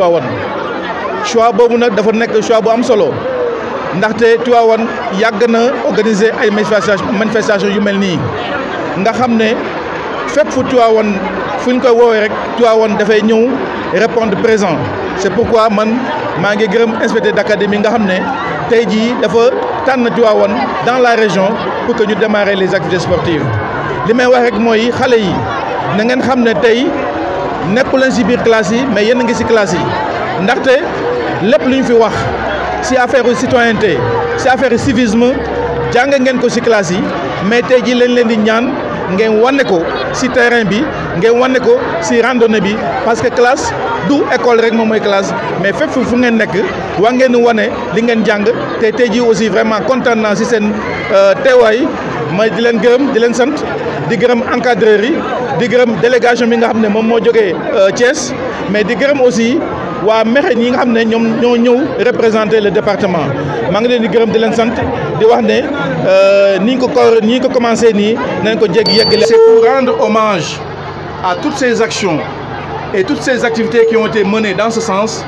Tiwaawan choix boobu nag dafa nekk choix bu am solo ndaxte Tiwaawan yàgg na organiser ay manifestation manifestation yu mel nii nga xam ne fépp fu Tiwaawan fu ñu koy woowee rek Tiwaawan dafay ñëw répondre présent c'est pourquoi man maa ngi gërëm inspecteur d'académie nga xam ne tey jii dafa tànn Tiwaawan dans la région pour que ñu démarrer les activités sportives li wax rek mooy xale yi na xam ne tey nekku leen si biir classe yi mais yéen a ngi si classe yi ndaxte lépp lu ñu fi wax si affaire citoyenneté si affaire civisme jàng ngeen ko si classe yi mais tey ji leen leen di ñaan ngeen wane ko si terrain bi ngeen wane ko si randonnée bi parce que classe du école rek moom mooy classe mais fépp fu ngeen nekk waa ngeen wane li ngeen jàng te tey ji aussi vraiment kontaan si seen euh, teewaay. may di leen gërëm di leen sant di gërëm encadreur yi di gërëm délégation bi nga xam ne moom moo jógee euh, Thiès mais di gërëm aussi waa Mekhe yi nga xam ne ñoom ñoo ñëw représenter le département maa ngi leen di gërëm di leen sant di wax ne euh, ni ñu ko ni ñu ko commencé nii nañ ko jéggi yegg. c'est pour rendre hommage à toutes ces actions et toutes ces activités qui ont été menées dans ce sens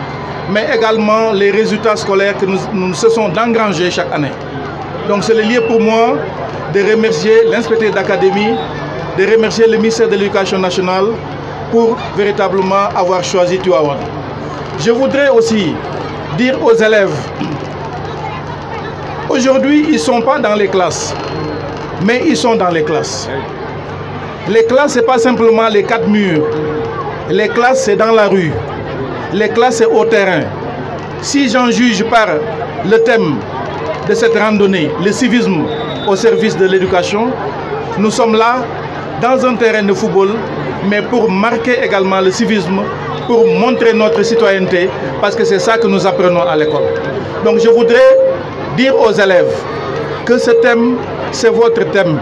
mais également les résultats scolaires que nous nous cessons d'engranger chaque année donc de remercier l'inspecteur d'académie, de remercier le ministère de l'Éducation nationale pour véritablement avoir choisi Tuawan. Je voudrais aussi dire aux élèves, aujourd'hui ils ne sont pas dans les classes, mais ils sont dans les classes. Les classes, ce n'est pas simplement les quatre murs. Les classes, c'est dans la rue. Les classes, c'est au terrain. Si j'en juge par le thème de cette randonnée, le civisme, au service de l'éducation. Nous sommes là dans un terrain de football, mais pour marquer également le civisme, pour montrer notre citoyenneté, parce que c'est ça que nous apprenons à l'école. Donc je voudrais dire aux élèves que ce thème, c'est votre thème.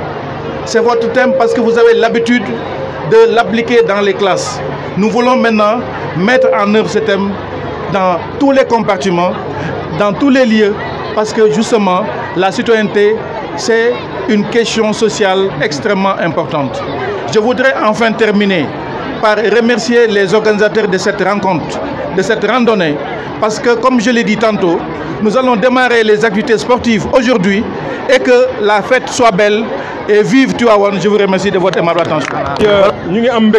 C'est votre thème parce que vous avez l'habitude de l'appliquer dans les classes. Nous voulons maintenant mettre en œuvre ce thème dans tous les compartiments, dans tous les lieux, parce que justement, la citoyenneté, c'est une question sociale extrêmement importante. Je voudrais enfin terminer par remercier les organisateurs de cette rencontre, de cette randonnée, parce que comme je l'ai dit tantôt, nous allons démarrer les activités sportives aujourd'hui et que la fête soit belle et vive Tuawan. Je vous remercie de votre aimable attention. Nous sommes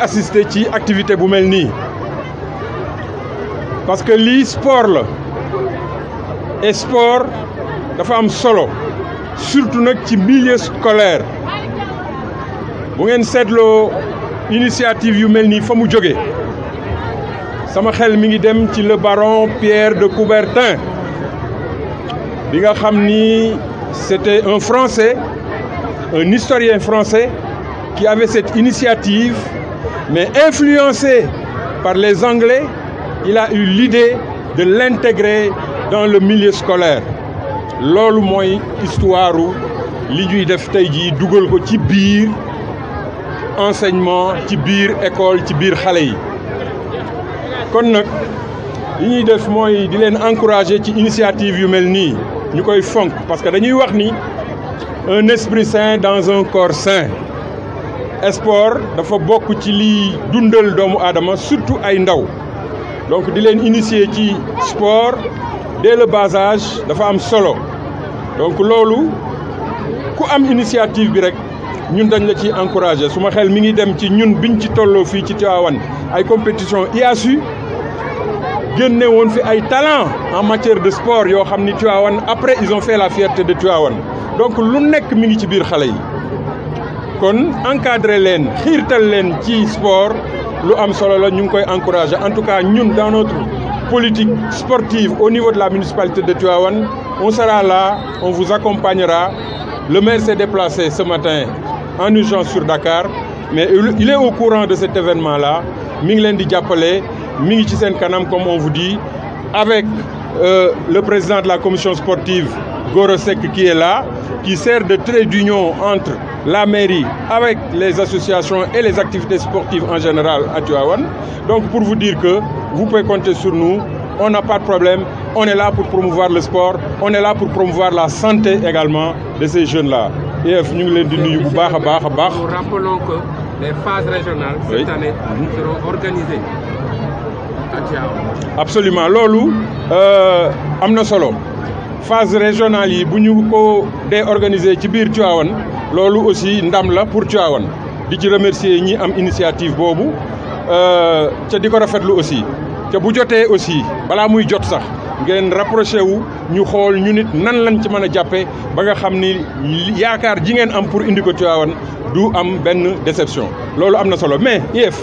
assister à l'activité Boumelni. Parce que le sport, et sport, dafa am solo surtout nag ci milieu scolaire bu ngeen seetloo initiative yu mel nii fa mu jóge sama xel mi ngi dem ci le baron Pierre de Coubertin bi nga xam ni c'était un français un historien français qui avait cette initiative mais influencé par les Anglais il a eu l'idée de l'intégrer dans le milieu scolaire loolu mooy histoire li ñuy def tey jii dugal ko ci biir enseignement ci biir école ci biir xale yi kon nag yi ñuy def mooy di leen encourager ci initiative yu mel nii ñu koy fonk parce que dañuy wax ni un esprit sain dans un corps sain sport dafa bokk ci liy dundal doomu aadama surtout ay ndaw donc di leen initier ci sport dès le bas dafa am solo donc loolu ku am initiative bi rek ñun dañu la ciy encouragé su ma xel mi ngi dem ci ñun biñ ci tolloo fii ci Tivaouane ay compétition IASU génne woon fi ay talent en matière de sport yoo xam ni Tivaouane après ils ont fait la fierté de Tivaouane donc lu nekk mi ngi ci biir xale yi kon encadré leen xiirtal leen ci sport lu am solo la ñu ngi koy encouragé en tout cas ñun dans notre politique sportive au niveau de la municipalité de Tivaouane On sera là, on vous accompagnera. Le maire s'est déplacé ce matin en urgence sur Dakar, mais il est au courant de cet événement-là. Minglendi Diapolé, Mingitisen Kanam, comme on vous dit, avec euh, le président de la commission sportive, Gorosek, qui est là, qui sert de trait d'union entre la mairie avec les associations et les activités sportives en général à Donc pour vous dire que vous pouvez compter sur nous, on n'a pas de problème. On est là pour promouvoir le sport, on est là pour promouvoir la santé également de ces jeunes-là. IEF ñu ngi leen di nuyu bu baax a baax a baax. Nous rappelons que les phases régionales cette oui. année mhm. seront organisées à Diao. Absolument loolu euh, am na solo phase régionale yi bu ñu ko dee organiser ci biir Tivaouane loolu aussi ndam la pour Tivaouane di ci remercier ñi am initiative boobu euh, ca di ko rafetlu aussi ca bu jotee aussi balaa muy jot sax. ngeen rapproché wu ñu xool ñu nit nan lañ ci mën a jàppe ba nga xam ni yaakaar ji ngeen am pour indi ko Tivaouane du am benn déception loolu am na solo mais IEF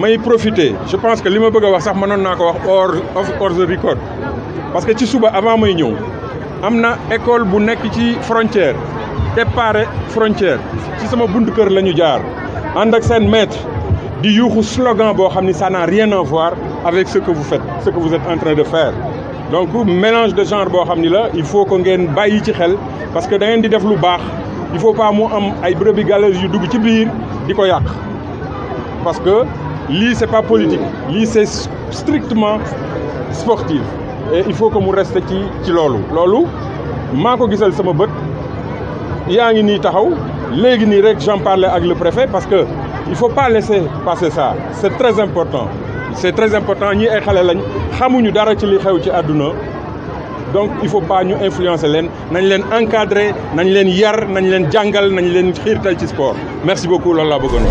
may profité je pense que li ma bëgg wax sax mënoon naa ko wax hors hors record parce que ci suba avant may ñëw am na école bu nekk ci frontière départ frontière ci sama buntu kër la ñu jaar ànd ak seen maître di yuuxu slogan boo xam ni ça n'a rien à voir avec ce que vous faites ce de faire donc mélange de genre boo xam ni la il faut que ngeen bàyyi ci xel parce que dangeen di def lu baax il faut pas mu am ay brebis galeuses yu dugg ci biir di ko yàq parce que lii c'est pas politique lii c'est strictement sportif et il faut que mu reste ci ci loolu loolu maa ko gisal sama bët yaa ngi nii taxaw léegi nii rek j'en parlais ak le préfet parce que il faut pas laisser passer ça c'est très important c'est très important ñii ay xale xamuñu dara ci li xew ci àdduna donc il faut pas ñu influencer leen nañ leen encadrer nañ leen yar nañ leen jàngal nañ leen xiirtal ci sport merci beaucoup loolu laa bëggoon